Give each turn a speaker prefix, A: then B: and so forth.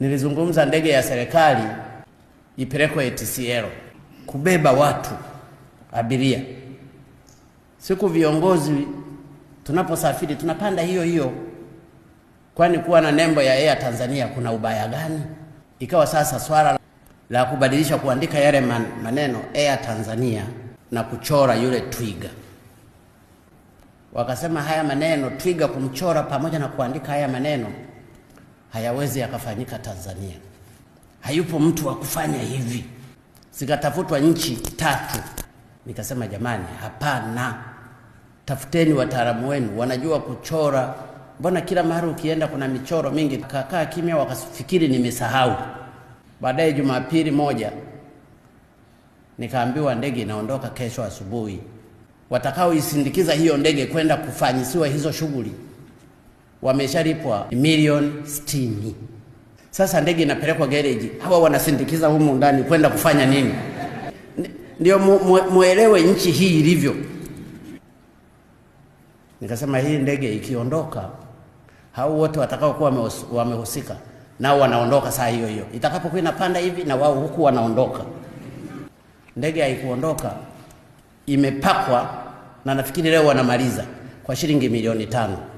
A: nilizungumza ndege ya serikali ipelekwe ATCL kubeba watu abiria. Siku viongozi tunaposafiri tunapanda hiyo hiyo, kwani kuwa na nembo ya Air Tanzania kuna ubaya gani? Ikawa sasa swala la kubadilisha kuandika yale man, maneno Air Tanzania na kuchora yule twiga, wakasema haya maneno twiga kumchora pamoja na kuandika haya maneno hayawezi yakafanyika Tanzania. Hayupo mtu wa kufanya hivi. Zikatafutwa nchi tatu, nikasema jamani, hapana, tafuteni wataalamu wenu, wanajua kuchora. Mbona kila mahali ukienda kuna michoro mingi? Kakaa kimya, wakafikiri nimesahau. Baadaye Jumapili moja nikaambiwa ndege inaondoka kesho asubuhi. Watakaoisindikiza hiyo ndege kwenda kufanyisiwa hizo shughuli wameshalipwa milioni sitini. Sasa ndege inapelekwa gereji, hawa wanasindikiza humu ndani kwenda kufanya nini? Ndio muelewe nchi hii ilivyo. Nikasema hii ndege ikiondoka, hao wote watakaokuwa wamehusika nao wanaondoka saa hiyo hiyo, itakapokuwa inapanda hivi na wao huku wanaondoka. Ndege haikuondoka, imepakwa na nafikiri leo wanamaliza kwa shilingi milioni tano.